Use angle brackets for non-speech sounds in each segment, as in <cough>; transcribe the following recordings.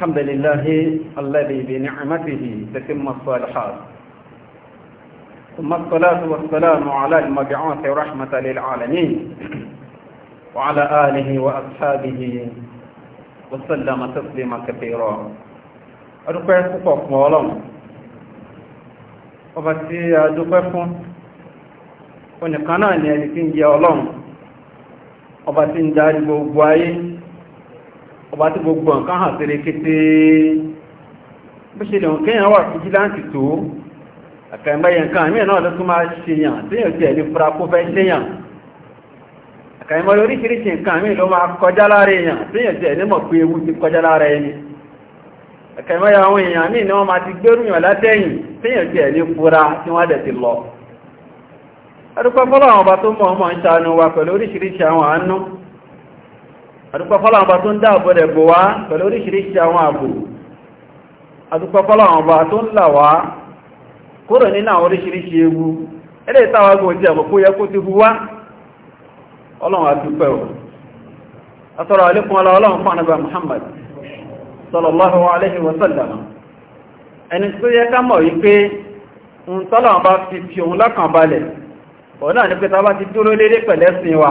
الحمد لله الذي بنعمته تتم الصالحات ثم الصلاة والسلام على المبعوث رحمة للعالمين وعلى آله وأصحابه وسلم تسليما كثيرا أدوكي سوكوك مولم وبسي أدوكي فون ونقناني أجتين جي أولم وبسي نجاري ọba tí gbogbo nǹkan hàn sí rékété bó ṣe lè hàn kéèyàn wà fìjìláǹtì tó àkàìmẹ́yẹ nǹkan àmì náà lọ́tún máa ṣèyàn téèyàn ti ẹ̀lẹ́ fura kó fẹ́ ṣèyàn àkàìmọ́ oríṣiríṣi nǹkan àmì ló máa kọjá lára èèyàn téèyàn ti ẹ̀lẹ́ mọ̀ pé ewu ti kọjá lára ẹni àkàìmẹ́yẹ àwọn èèyàn àmì ni wọ́n máa ti gbérù yàn látẹ̀yìn téèyàn ti ẹ̀lẹ́ fura tí àdúpọ̀fọ́lọ́ ọba tó ń dáàbò rẹ̀ bò wá pẹ̀lú oríṣiríṣi àwọn àbò àdúpọ̀fọ́lọ́ ọba tó ń là wá kúrò nínú àwọn oríṣiríṣi ewu ẹlẹ́ ìtawàgbò jẹ́ àmọ́ kó yẹ kó ti hu wá ọlọ́run àdúpẹ́ ọ̀ àtọ́rọ̀ àlékún Muhammad sallallahu alaihi wasallam ẹni tó yẹ ká mọ̀ wípé ń tọ́lọ̀ bá fi fi òun lọ́kàn balẹ̀ ọ̀ náà ní pé bá ti dúró lédé pẹ̀lẹ́sìn wa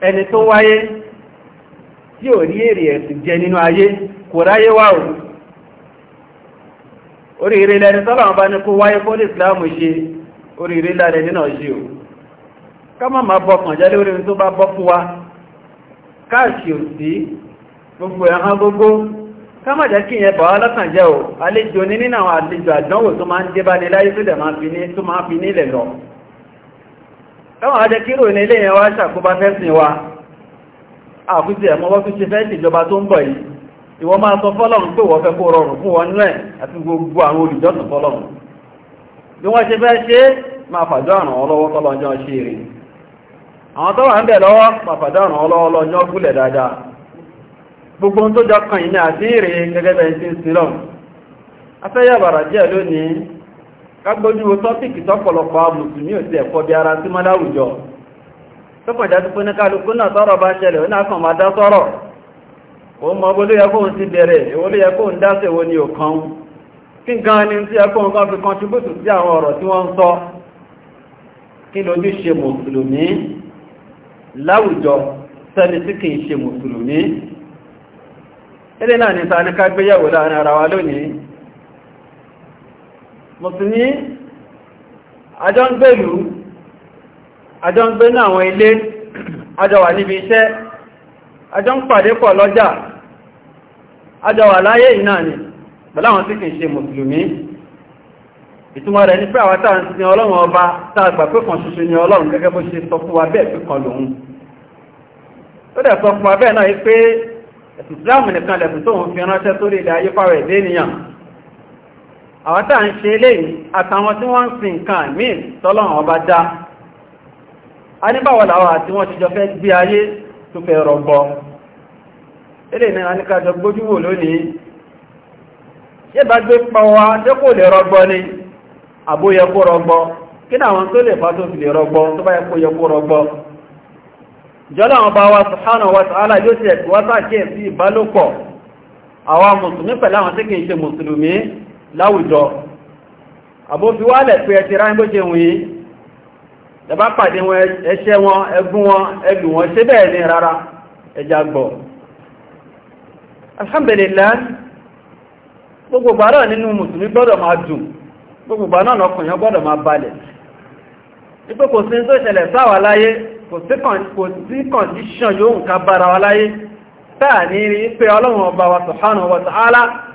ẹni tó wáyé tí ò rí èrè ẹ̀sùn jẹ nínú ayé kò ráyé wá o oríire lẹni tọ́lọ̀ bá ní kó wáyé fún ìsìláàmù ṣe oríire lẹ́rẹ̀ nínà ṣe o ká má má bọkàn jẹ́ lórí tó bá bọ́ fún wa káàṣì ò sí gbogbo ẹ̀hán gbogbo ká má jẹ́ kí ìyẹn bàwá lọ́kàn jẹ́ o àlejò ní nínà àwọn àlejò àdánwò tó máa ń débá ní láyé tó dẹ̀ máa fi nílẹ̀ lọ ẹwọ́n ajẹ́ kírò ní ilé yẹn wá ṣàkóbá fẹ́sìn wa àkútí ẹ̀mọ́ wọ́n tún ṣe fẹ́ ìjọba tó ń bọ̀ yìí ìwọ máa sọ fọ́lọ́run pé wọ́n fẹ́ kó rọrùn fún wọn nílẹ̀ àti gbogbo àwọn olùjọ́sìn fọ́lọ́run bí wọ́n ṣe fẹ́ ṣe máa fàjọ́ àrùn ọlọ́wọ́ tọ́lọ́jọ́ ṣe rè àwọn tó ń bẹ̀ lọ́wọ́ máa àrùn ọlọ́wọ́ kágbójú wo tọ́pìkì tọ́pọ̀lọpọ̀ mùsùlùmí ò ti ẹ̀kọ́ bí ara sí mọ́láwùjọ tọ́pọ̀já tó pín ní kálukú náà sọ́rọ̀ bá ṣẹlẹ̀ ó náà kàn máa dá sọ́rọ̀ ó mọ bó ló yẹ kóhun ti bẹ̀rẹ̀ èwo ló yẹ kóhun dáṣẹ̀ èwo ni òkan kí gan ni tí ẹkóhun kan fi kọntribútù sí àwọn ọ̀rọ̀ tí ní ara wa lónìí mùsùlùmí àjọ ń àwọn ilé àjọ níbi iṣẹ́ àjọ pọ̀ lọ́jà àjọ láyé ìnáà ni pẹ̀láwọn tí kìí ṣe mùsùlùmí ìtumọ̀ rẹ̀ ní pé àwọn táà ń sin ọlọ́run ọba tààgbà pé kan ṣoṣo ni ọlọ́run gẹ́gẹ́ bó ṣe sọ fún wa bẹ́ẹ̀ pé kan lòun ó dẹ̀ sọ fún wa bẹ́ẹ̀ náà yí pé ẹ̀sùn islam nìkan lẹ̀sùn tóun fi ránṣẹ́ sórí ilẹ̀ ayé fáwẹ̀ àwọn tàà ń ṣe eléyìí àtàwọn tí wọ́n ń sin nǹkan míì tọ́lọ́run ọba dá a ní báwo làwọn àti wọ́n ti jọ fẹ́ gbé ayé tó fẹ́ rọgbọ eléyìí náà ní kájọ gbójúwò lónìí ṣé bá gbé pọwa tó kò lè rọgbọ ni àbóyẹ kó rọgbọ kí ní àwọn tó lè fà tó fi lè rọgbọ tó bá yẹ kó yẹ kó rọgbọ jọlọ àwọn bá wa subhanahu wa ta'ala yóò ti ẹ̀kọ́ wá sáà kí ẹ̀ sí ìbálòpọ̀ àwọn láwùjọ àbófi wálẹ̀ pé ẹ ti ráyìn bó ṣe wùn yìí ẹbá pàdé wọn ẹṣẹ́ wọn ẹgún wọn ẹlù wọn ṣe bẹ́ẹ̀ ní rárá ẹjà gbọ́ alhamdulillah gbogbo gbàrá nínú mùsùlùmí gbọ́dọ̀ máa dùn gbogbo gbàrá náà ọkùnrin gbọ́dọ̀ máa balẹ̀ ipé kò sí tó ṣẹlẹ̀ sáwà láyé kò sí kọ̀ndíṣàn yóò ń ká bára wa láyé táà ní rí pé ọlọ́run ọba wa subhanahu wa ta'ala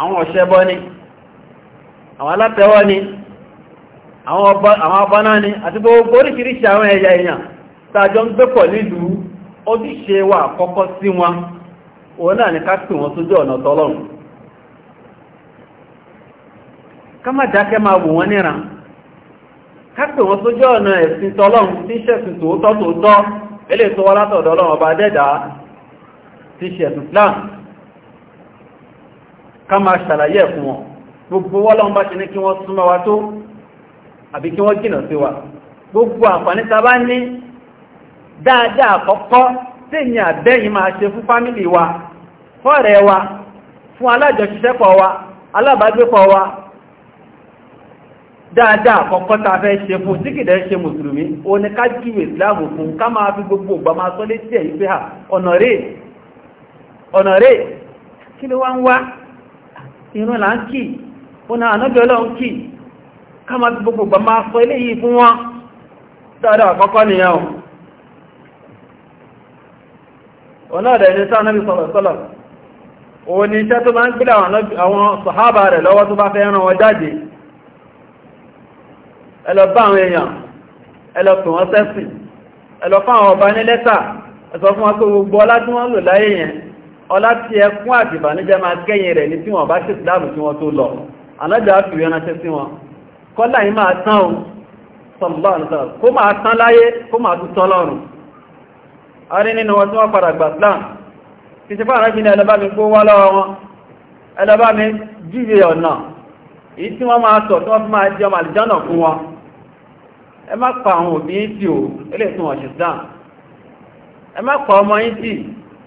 àwọn ọ̀ṣẹ́bọ ni àwọn alátẹ̀wọ́ ni àwọn ọbaná ni àti gbogbo oríṣiríṣi àwọn ẹ̀yà èèyàn tàjọ ń gbé pọ̀ nílùú ojúṣe wa àkọ́kọ́ sí wọn òun náà ni ká wọn sójú ọ̀nà wọn sójú ọ̀nà ẹ̀sìn tọ́lọ́run tí ọba dẹ́dàá ṣẹ̀sìn ká máa ṣàlàyé ẹ̀kùn wọn gbogbo wọ́lọ́n bá ti ní kí wọ́n súnmọ́ wa tó àbí kí wọ́n jìnà sí wa gbogbo àǹfààní ta bá ní dáadáa àkọ́kọ́ tí ní àbẹ́yìn máa ṣe fún fámílì wa fọ́rẹ̀ wa fún alájọṣiṣẹ́pọ̀ wa alábàágbépọ̀ wa dáadáa àkọ́kọ́ ta fẹ́ ṣe fún síkìdẹ̀ ṣe mùsùlùmí o ní ká jú ìsìláàmù fún ìrún là ń kì ọ̀nà ànábì ọlọ́run kì ká máa ti gbogbo gbàmà sọ ilé yìí fún wọn dáadáa àkọ́kọ́ nìyàn ọ̀nà ọ̀dẹ̀ ní sáà nábi sọ̀rọ̀sọ́lọ̀ òun ni iṣẹ́ tó máa ń gbílẹ̀ àwọn sọ̀hábà rẹ̀ lọ́wọ́ tó bá fẹ́ ràn wọ́n jáde ẹlọ bá àwọn èèyàn ẹlọ pè wọ́n sẹ́sìn ẹlọ fún àwọn ọba ní lẹ́tà ẹ̀sọ fún wọn pé gbogbo ọlá tí wọ́n lò láyé yẹn ọlá tí ẹkún àti ìbànújẹ́ máa kẹ́yìn rẹ̀ ní tí wọ́n bá ṣe ìsìláàmù tí wọ́n tó lọ alájà á fìwé ránṣẹ́ sí wọn kọ́lá yìí máa tán o sọ̀lọ́ àlùsọ̀ kó máa tán láyé kó máa tún tán lọ́rùn a rí nínú wọn tí wọ́n padà gbà Islam ti ṣe fáwọn arábìnrin ẹlọ́bá mi kó ọmọ òbí yìí tí ò ilé ìtún ọ̀ṣìṣàn ọmọ yìí tí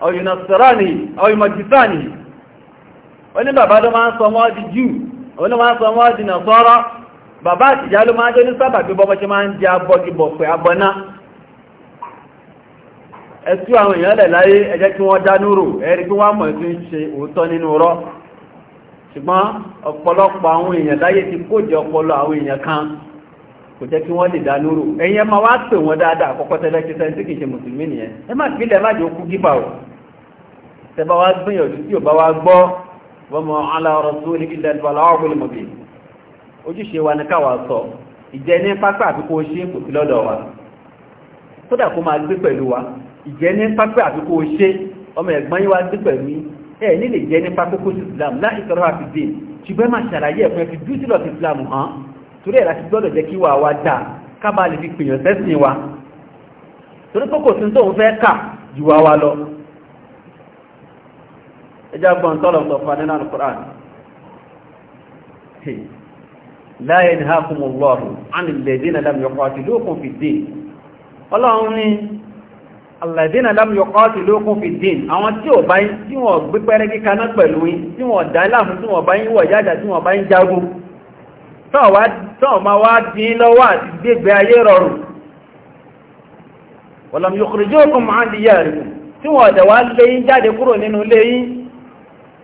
au yunasirani au yumajisani wani bàbá ló máa ń sọ di jù wọ́n ló máa ń sọ wọ́n di nàṣọ́rọ́ bàbá àtìjá ló máa ń jẹ́ ní sábàbí bọ́bọ́ ṣe máa ń jẹ abọ́gibọ̀pẹ̀ abọ́ná ẹ̀sù àwọn èèyàn lẹ̀ láyé ẹjẹ́ kí wọ́n dánúrò ẹ̀rí kí wọ́n mọ̀ ṣùgbọ́n ọ̀pọ̀lọpọ̀ àwọn èèyàn láyé ti ọpọlọ àwọn èèyàn kan kò jẹ́ kí wọ́n lè dánúrò ẹ̀yẹn wá pè wọ́n dáadáa àkọ́kọ́ tẹba wá gbìyànjú tí ò bá wá gbọ́ wọ́n mọ̀ aláwọ̀rọ̀ tó ní ilẹ̀ ìbọ̀lá ọ̀gbìn mọ̀bí ojúṣe wa ní káwà sọ ìjẹ́ ní pápá àfikò ṣe kò sí lọ́dọ̀ wa sódà kó máa gbé pẹ̀lú wa ìjẹ́ ní pápá àfikò ṣe ọmọ ẹ̀gbọ́n yín wá gbé pẹ̀lú ẹ̀ nílè jẹ́ ní pápá kó sí Islam láì sọ̀rọ̀ àfi dé ṣùgbọ́n máa ṣàlàyé ẹ̀fún ẹ̀fi dú sí Islam hàn torí ẹ̀ láti gbọ́dọ̀ jẹ́ kí wà wá dà ká bá lè fi pèèyàn sẹ́sìn wa torí pé sí tóun fẹ́ kà jù wá wa lọ ẹjá gbọ́n tọ́lọ̀ sọ̀fà nínú al-Qur'an la yanhakumullahu 'anil ladhina lam yuqatilukum fid-din ọlọ́run ní alladhina lam yuqatilukum fid-din àwọn tí ò bá tí wọ́n gbé pẹ́rẹ́ kíkà náà pẹ̀lú yín tí wọ́n dá láàmú tí wọ́n bá yín wọ̀ jájà tí wọ́n bá yín jagun tọ́ọ̀ ma wá dín lọ́wọ́ àti jáde kúrò nínú lé yín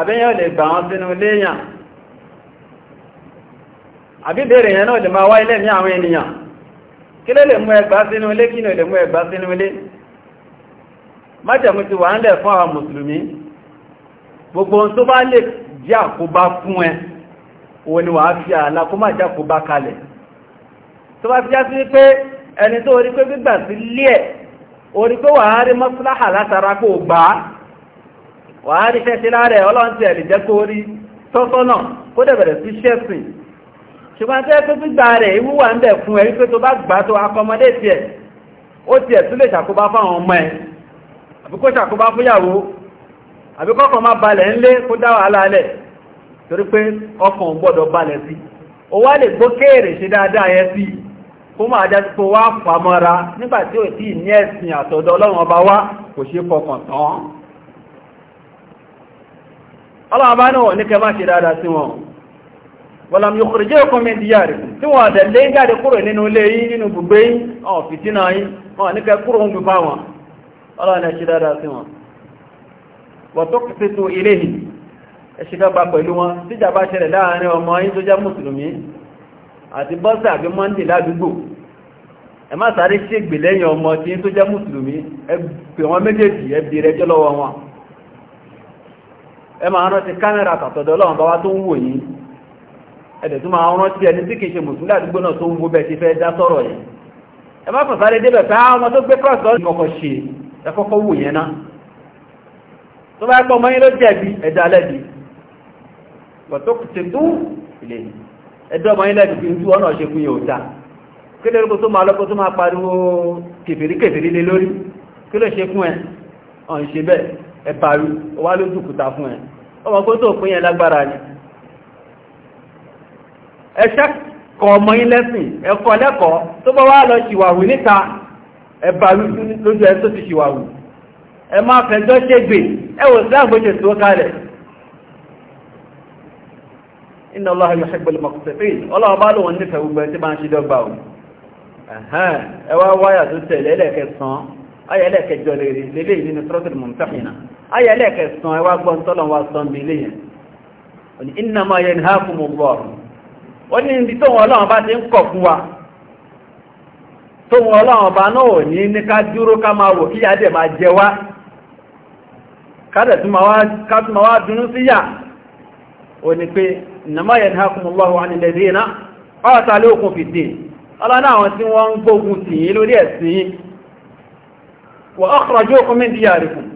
àbíyàn lè gbà wọn sínú léyàn àbíbèrè yẹn náà lè máa wá ilẹ̀ ní àwọn ènìyàn kí ló lè mú ẹgbà sínú ilé kí ló lè mú ẹgbà sínú ilé májẹ̀mú ti wà ń lẹ̀ fún àwọn mùsùlùmí gbogbo ohun tó bá lè jẹ́ àkóbá fún ẹ òun ni wàá fi ààlà jẹ́ àkóbá kalẹ̀ tó bá fi já sí pé ẹni tó orí pé gbígbà sí lé ẹ̀ orí pé wàá rí mọ́síláhà látara kó gbàá wàá rí fẹ́ sí láàrẹ̀ ọlọ́run ti ẹ̀lì jẹ́ kó rí tọ́sọ́nà kó dẹ̀bẹ̀rẹ̀ sí ṣẹ́sìn ṣùgbọ́n tẹ́ tó fi gba rẹ̀ ìwú wà ń bẹ̀ fún ẹ wípé tó bá gbà tó akọmọdé tiẹ̀ ó tiẹ̀ tún lè ṣàkóbá fáwọn ọmọ ẹ àbí kó ṣàkóbá fúyàwó àbí kọ́kàn má balẹ̀ ńlé kó dá wàhálà lẹ̀ torí pé ọkàn gbọ́dọ̀ balẹ̀ sí ó wá lè gbókèèrè ṣe dáadáa yẹn sí kó máa dájú pé wá fàmọ́ra nígbà tí ò tí ì ní ẹ̀sìn àtọ̀dọ̀ ọlọ́run ọba wá kò ṣe fọkàn tán aláàbá náà ní kẹ máa ṣe dáadáa sí wọn wọ́lam yóò kùrùjẹ́ òkun mi di yàrí tí wọ́n àdẹ̀lẹ́ jáde kúrò nínú ilé yìí nínú gbogbo yìí ọ̀n fìtínà yìí wọ́n ní kẹ kúrò ń gbogbo wọn aláàbá ṣe dáadáa sí wọn wọ́n tó kìí tó ilé yìí ẹ̀ṣìkápa pẹ̀lú wọn tíjà bá ṣẹlẹ̀ láàrin ọmọ yìí tó jẹ́ mùsùlùmí àti wọn ẹ máa rántí kámẹ́rà àtàtọ̀dọ̀ ọlọ́run bá wá tó ń wò yín ẹ̀dẹ̀ tó máa rántí ẹni tí kìí ṣe mùsùlùmí àdúgbò náà tó ń wo bẹ́ẹ̀ ti fẹ́ dá sọ̀rọ̀ yìí ẹ má fọ̀n sáré débẹ̀ pé àwọn ah, tó gbé kọ́ọ̀sì ọ̀dùn kọ̀kọ̀ ṣe ẹ kọ́kọ́ wò yẹn náà tó bá pọ̀ mọ́yìn ló jẹ̀bi ẹ̀dá lẹ́bi bọ̀tọ́ ti tú ń ṣe bẹ́ẹ̀ ẹ̀bàrú wá lójú kùta fún ẹ̀ ọmọ kó tó pín yẹn lágbára ni ẹ̀ṣẹ́ kọ ọmọ yín lẹ́sìn ẹ̀kọ́ lẹ́kọ̀ọ́ tó bá wá lọ ṣìwàwù níta ẹ̀bàrú lójú ẹ tó ti ṣìwàwù ẹ máa fẹjọ́ ṣègbè ẹwọ̀ síláàgbóṣe tó kalẹ̀ inna Allaha yuhibbul muqsitin ọlọ́wọ́ bá lòun ṣe dọ́gba o ẹwà wáyà tó tẹ̀lé ẹlẹ́kẹsàn-án ayẹlẹ́kẹjọ lè rí lélẹ́yìn nínú ayé ẹlẹ́ẹ̀kẹsàn ẹwà gbọ́n tọ́lọ̀ wa sọ́n bí léyìn òní iná máa yẹ ní hákùnmù lọ́rùn ó ní ibi tóun ọlọ́run bá ti ń kọ̀ fún wa tóun ọlọ́run bá náà ò ní ní ká dúró ká máa wò kíyà dẹ̀ máa jẹ wá kádẹ̀ tún máa wá sí yà ní pé yẹ fìdí àwọn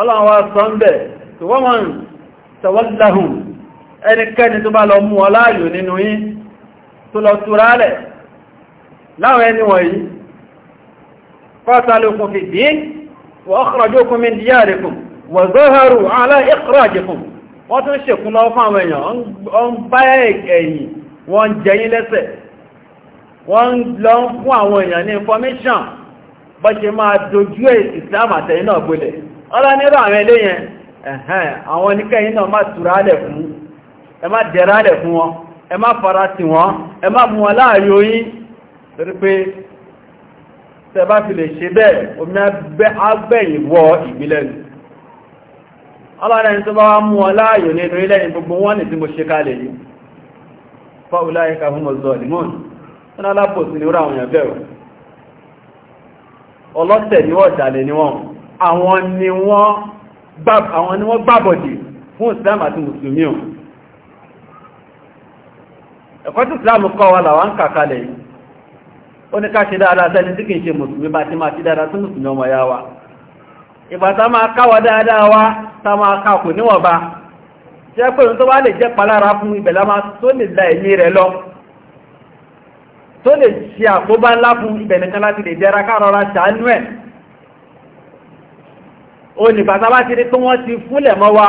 ọlọ́run wa sọ ń bẹ̀ tí wọ́n mọ̀ tẹ̀wọ́láhùn ẹnikẹ́ni tó bá lọ mú ọ láàyò nínú yín tó lọ túrálẹ̀ láwọn ẹni wọ̀nyí قاتلوكم في الدين واخرجوكم من دياركم وظهروا على اخراجكم wọ́n jẹyìn lẹ́sẹ̀ wọ́n lọ fún àwọn èèyàn ní information bọ́ ṣe máa dojú ẹ̀ ìsìlámà tẹ̀yìn gbọ́lẹ̀ ọlá nírò àwọn ilé yẹn ẹ̀hẹ́n àwọn oníkẹyìn náà má túrálẹ̀ fún ẹ má jẹ́rálẹ̀ fún wọn ẹ má fara tì wọn ẹ má mú wọn láàrin oyin torí pé tẹbá fi lè ṣe bẹ́ẹ̀ omi agbẹ̀yìn wọ ìgbìlẹ̀nu ọlọ́rin tó bá wá mú wọn láàyò nínú ilẹ̀ gbogbo wọn ní tí mo ṣe ni ó ọlọ́tẹ̀ ni wọ́n dàlẹ̀ ni wọ́n àwọn ni wọ́n gbàbọ̀dì fún islam àti musulmi o ẹ̀kọ́ tí islam kọ́ wa làwọn ń kàkalẹ̀ yìí ó ní ká ṣe dáadáa sẹ́ni tí kìí ṣe musulmi bá ti máa ṣe dáadáa sí musulmi ọmọ ya wa ìbàtà máa káwà dáadáa wá tá máa kàkù níwọ̀nba jẹ́ pé tó wá lè jẹ́ palára fún ibẹ̀ lámá tó lè la ẹ̀mí rẹ̀ lọ tó lè ṣe àkóbá ńlá fún ibẹ̀ nìkan láti lè jẹ́ra kárọra ṣàánú ẹ̀ ó ní bàtà bá ti rí pé wọ́n ti fúnlẹ̀ mọ́ wa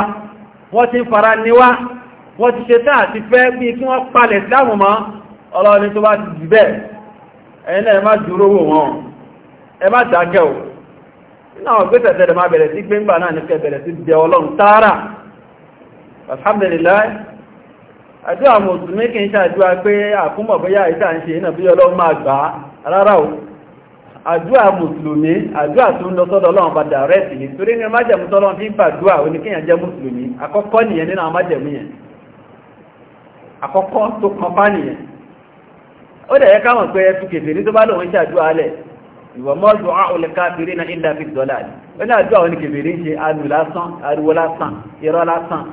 wọ́n ti fara ní wá wọ́n ti ṣetá àti fẹ́ bí kí wọ́n palẹ̀ sílámù mọ́ ọlọ́ni tó bá ti jù bẹ́ẹ̀ ẹ̀yin náà ẹ má dúró wò wọ́n ẹ má dákẹ́ ò náà gbé tẹ̀tẹ̀rẹ̀ má bẹ̀rẹ̀ sí gbéǹgbà náà ní fẹ́ bẹ̀rẹ̀ sí bẹ ọlọ́run tààrà alhamdulillah àdúrà mùsùlùmí kì í ṣàdúrà pé àkúmọ̀ bóyá ìta ń ṣe iná bí ọlọ́run máa gbà á o àdúrà mùsùlùmí àdúrà tó ń lọ sọ́dọ̀ ọlọ́run bá dàrẹ́ẹ̀tì ní torí ní májẹ̀mú tọ́lọ́run fi ń pàdúrà oníkíyàn jẹ́ mùsùlùmí àkọ́kọ́ nìyẹn nínú àmájẹ̀mú yẹn àkọ́kọ́ tó kọpá nìyẹn ó dẹ̀ yẹ káwọn pé ẹtù kèfè ní tó bá lòun ṣàdúrà alẹ̀ ìwọ̀ mọ́jú àhùlẹ̀ káfírí na ilẹ̀ fi dọ́là ó ní àdúrà òní kèfè ní ṣe àlù lásán ariwo lásán irọ́ lásán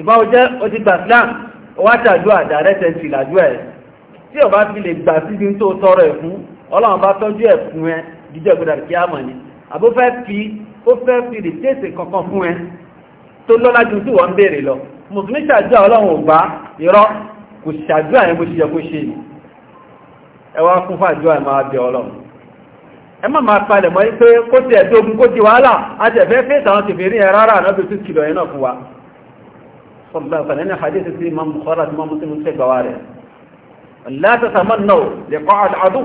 ìbá ó jẹ́ ó ti gbà slam ó wá ṣàdúrà dàrẹ́tẹ̀ sí làdúrà ẹ̀ tí ò bá lè gbà síbi tó tọrọ ẹ̀ fún ọlọ́run bá tọ́jú ẹ̀ fún ẹ jíjọ́ ìgbọ́dà kí á mọ̀ ni àbó fẹ́ fi ó fẹ́ fi rìtẹ́ẹ̀sì kankan fún ẹ tó lọ́lá ju tí wọ́n ń béèrè lọ mùsùlùmí ṣàdúrà ọlọ́run ò gbà irọ́ kò ṣàdúrà yẹn bó ṣe yẹ kó ṣe ni ẹ wá fún fàdúrà ẹ máa bẹ ọlọ́run ẹ má máa palẹ̀ mọ́ pé kó ti ẹ̀dógún kó ti wàhálà àtẹ̀fẹ́ fèsì àwọn tìfì rí ẹ rárá àná bí tún kìlọ̀ yẹn náà fún wa sọ̀rọ̀ sọ̀rọ̀ ní hadith sí imam bukhari àti imam muslim ń fẹ́ gbà wá rẹ̀ la tatamannaw liqa al-aduw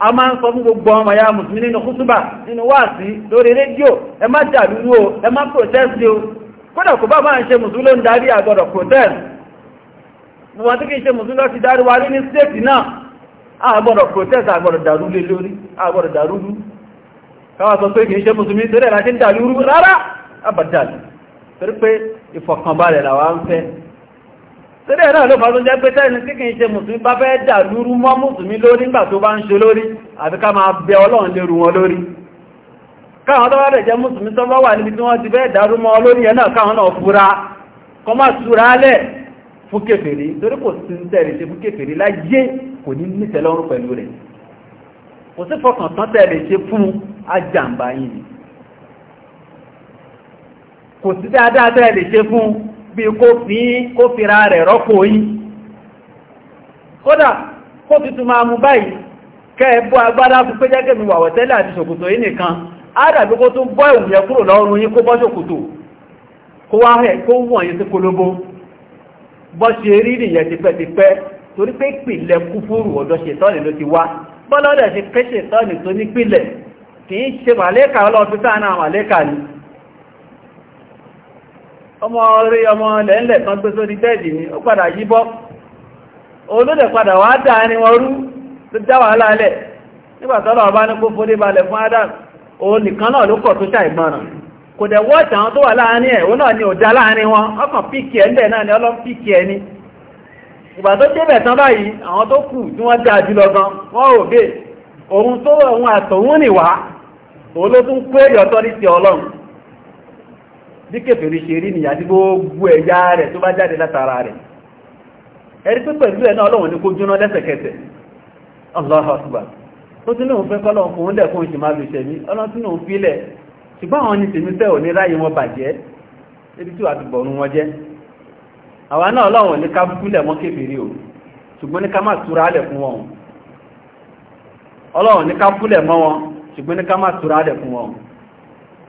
a máa ń sọ fún gbogbo ọmọ ya mùsùlùmí nínú kútúbà nínú wáàsí lórí rédíò ẹ má dàlúrú o ẹ má protest o kódà kò bá máa ń ṣe mùsùlùmí ló ń darí àgbọ̀dọ̀ protest wọn tí kì í ṣe mùsùlùmí lọ ti darí wa rí ní stéètì náà àgbọ̀dọ̀ protest àgbọ̀dọ̀ dàrú lé lórí àgbọ̀dọ̀ dàrú rú káwà sọ pé kì í ṣe mùsùlùmí tẹ́lẹ̀ láti ń dàlúrú rárá àbàdàlù torí pé ìfọ̀kànbalẹ̀ làwa ń fẹ́ torí ẹ̀rọ ló fàájú jẹ́ pé tẹ́ni tí kìí ṣe mùsùlùmí bá fẹ́ dà lúrú mọ́ mùsùlùmí lórí nígbà tó bá ń ṣe lórí àfi ká máa bẹ ọlọ́run lérú wọn lórí káwọn tó bá rẹ̀ jẹ́ mùsùlùmí tó bá wà níbi tí wọ́n ti fẹ́ dàrú mọ́ lórí ẹ̀ náà káwọn náà fura kọ máa túra lẹ̀ bí kó fira rẹ̀ rọ́pò yín kódà kó tuntun máa mú báyìí kẹ́ẹ̀bọ́ agbádá fún pé jẹ́gẹ́ mi wàwọ̀ tẹ́lẹ̀ àti ṣòkòtò yìí nìkan ádàbí kó tún bọ́ ìwùn yẹ kúrò lọ́rùn yín kó bọ́ ṣòkòtò kó wá hẹ̀ kó wọ̀n yí sí kólóbó bọ́ ṣe rí nìyẹn tipẹ́tipẹ́ torí pé ìpìlẹ̀ kúfúrù ọ̀dọ̀ ṣètọ́nì ló ti wá bọ́lọ́dẹ̀ ṣe kẹ́ ṣètọ́nì tó nípìlẹ̀ kì í ṣe màlẹ́kà ọlọ́ọ̀fíṣà náà màlẹ́kà ni ọmọ orí ọmọ lẹ́ńlẹ̀ kan gbé sórí bẹ́ẹ̀dì ni ó padà yíbọ́ olóde padà wá dáàrin wọn rú tó dá wàhálà alẹ́ nígbàtọ́lọ̀ ọba ní kó balẹ̀ fún Adam òun nìkan náà ló kọ̀ tó ṣàìgbọràn kò dẹ̀ wọ́ọ̀tì àwọn tó wà láàrin ẹ̀ ọkàn ẹ̀ ẹ̀ ni ìgbà bí kèfèrí ṣe rí nìyà tí gbogbo ẹ̀yà rẹ̀ tó bá jáde látara rẹ̀ ẹ̀rí pé pẹ̀lú ẹ̀ náà ọlọ́wọ̀n ní kó jóná lẹ́sẹ̀kẹsẹ̀ Allahu Akbar ó tún lóun fẹ́ kọ́lọ́wọ́n fún oúnjẹ fún ìṣìmá lè ṣẹ̀mí ebi tí wà ti bọ̀rún wọn jẹ́ àwa náà ọlọ́wọ̀n ní ká fúlẹ̀ mọ́ kèfèrí o ṣùgbọ́n ní ká má túra lẹ̀ fún wọn ṣùgbọ́n ní ká má túra lẹ̀ fún wọn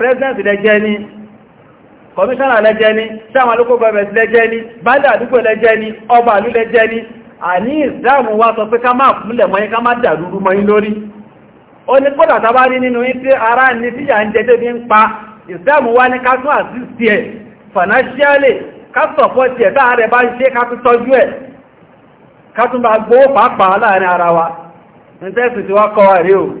president lẹ́jẹ́ ní commissioner lẹ́jẹ́ ní sáwọn local government lẹ́jẹ́ ní báyìí àdúgbò lẹ́jẹ́ ní ọba àlú lẹ́jẹ́ ní àní ìsìláàmù wá sọ pé ká máa fúnlẹ̀ mọ́yí ká má dàrúrú mọ́yí lórí ó ní kódà tàbá rí nínú ìtí ara ní tí yà ń bí ń pa ìsìláàmù ní ká tún àsìsì ẹ̀ financially ká ẹ̀ bá ń ṣe ká tún tọ́jú ẹ̀ ká tún bá gbówó pàápàá láàrin ara wa ní tẹ́sì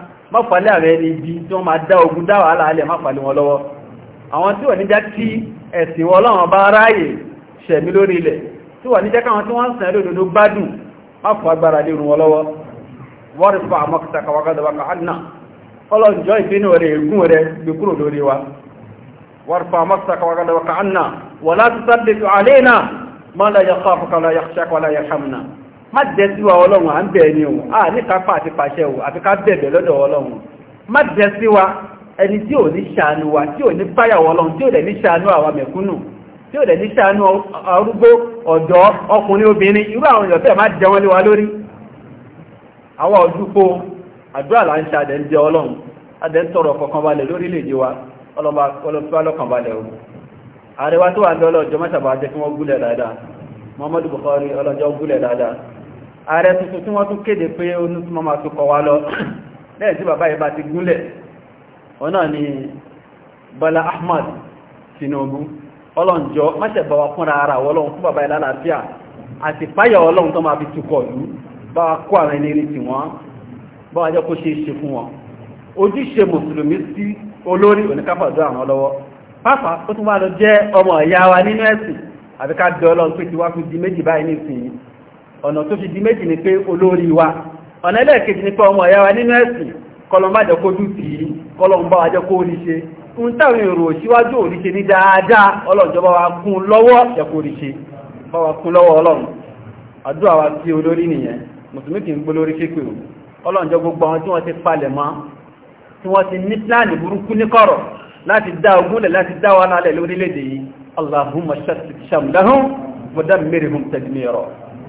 mọ́fàlẹ́ ààrẹ ní ibi tí wọ́n máa dá ogun dá wàhálà alẹ́ mọ́fàlẹ́ wọn lọ́wọ́ àwọn tí wọ́n níjá kí ẹ̀sìn wọn lọ́wọ́n bá ráyè ṣẹ̀mí lórí ilẹ̀ tí wọ́n níjá káwọn tí wọ́n ń sàn lódodo gbádùn mọ́fà agbára lé irun wọn lọ́wọ́ wọ́rìfà àmọ́kìtàkàwàkàdàwàkà hànà má jẹ́ sí wa ọlọ́run à ń bẹ̀ẹ́ ni ohun àà ní kápá àti pàṣẹ ohun àti ká bẹ̀bẹ̀ lọ́dọ̀ ọlọ́run má jẹ́ sí wa ẹni tí ò ní ṣàánú wa tí ò ní báyàwó ọlọ́run tí ò dẹ̀ ní ṣàánú àwa mẹ̀kúnnù tí ò dẹ̀ ní ṣàánú arúgbó ọ̀dọ́ ọkùnrin obìnrin irú àwọn èèyàn bẹ́ẹ̀ má jẹ wọn lé wa lórí àwa ọdúpó àdúrà là ń ṣe àdẹ̀ ń jẹ ọlọ́run àdẹ̀ ń tọrọ kọ̀kan balẹ̀ lórílẹ̀-èdè wa ọlọ́kan balẹ̀ o ààrẹ tó wà ń lọ́lọ́ ọjọ́ mọ́ṣàbà jẹ́ kí wọ́n gúnlẹ̀ dáadáa Muhammadu Buhari ọlọ́jọ́ gúnlẹ̀ dáadáa ààrẹ tuntun tí wọ́n tún kéde pé onútùmọ́ máa tún kọ wá lọ lẹ́yìn <clears throat> tí bàbá ìbá ti gúnlẹ̀ ọ̀nà ni Bọ́lá Ahmad Tinubu ọlọ́njọ́ máṣẹ̀bà wa fúnra ara ọlọ́run fún bàbá ìlàlàáfíà àti fáyà ọlọ́run tó máa fi tukọ̀ ìlú bá wa kó àwọn ẹni tí wọ́n bá wa jẹ́ kó ṣe é ṣe fún wọn ojúṣe mùsùlùmí sí olórí oníkápàdó àwọn lọ́wọ́ ọ̀nà tó fi di méjì ni pé olórí wa ọ̀nà ẹlẹ́ẹ̀kejì ni pé ọmọ ẹ̀yà wa nínú ẹ̀sìn kọlọmbájọkójú tì í kọlọmbáwájọkó oríṣe ń táwọn èrò síwájú oríṣe ní dáadáa ọlọ́jọba wa kún lọ́wọ́ ẹ̀kọ́ oríṣe bá wa kún lọ́wọ́ ọlọ́run àdúrà wa sí olórí nìyẹn mùsùlùmí kì ń gbó lórí ṣépè o ọlọ́njọ́ gbogbo àwọn tí wọ́n láti dá ogúnlẹ̀ láti dá wa lálẹ̀ lórílẹ̀-èdè yìí allahumma shattit shamlahum wa dammirhum tadmira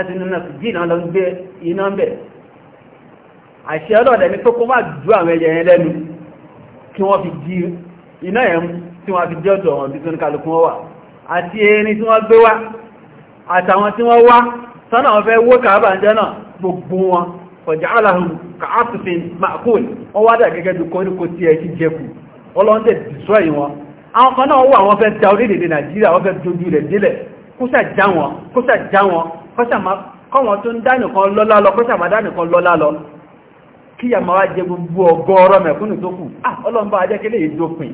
ẹ̀sìn nínú jìn náà lọ gbé iná ń bẹ̀ àṣẹ ọlọ́dẹ̀ ní kókó ju àwọn ẹyẹ yẹn lẹ́nu kí wọ́n fi jí iná yẹn tí wọ́n fi jẹ́ ọ̀dọ̀ ọ̀hún bí tó ní kálukú wà àti erin tí wọ́n gbé wá àtàwọn tí wọ́n wá sọ́nà wọn fẹ́ wó kàábà ń jẹ́ náà gbogbo wọn ọjà aláhùn makul wọ́n gẹ́gẹ́ bí ti jẹ́kù ọlọ́ndẹ̀ wọn kúsà já kọ́wọ́n tó ń dánìkan lọ́lá lọ kọ́sàmà dánìkan lọ́lá lọ kí yà máa jẹ gbogbo ọgọ́rọ̀ mẹ̀kúnnù tó kù ah, ọlọ́mbà ajẹ́kẹ́lẹ̀ ìdópin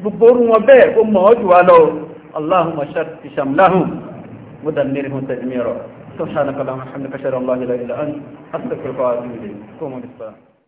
gbogbo orú wọn bẹ́ẹ̀ ó mọ̀ ọ́ jù wá lọ Allahumma sharfi shamlahum mudammirihu tadmira subhanaka allahumma hamdaka shara allah la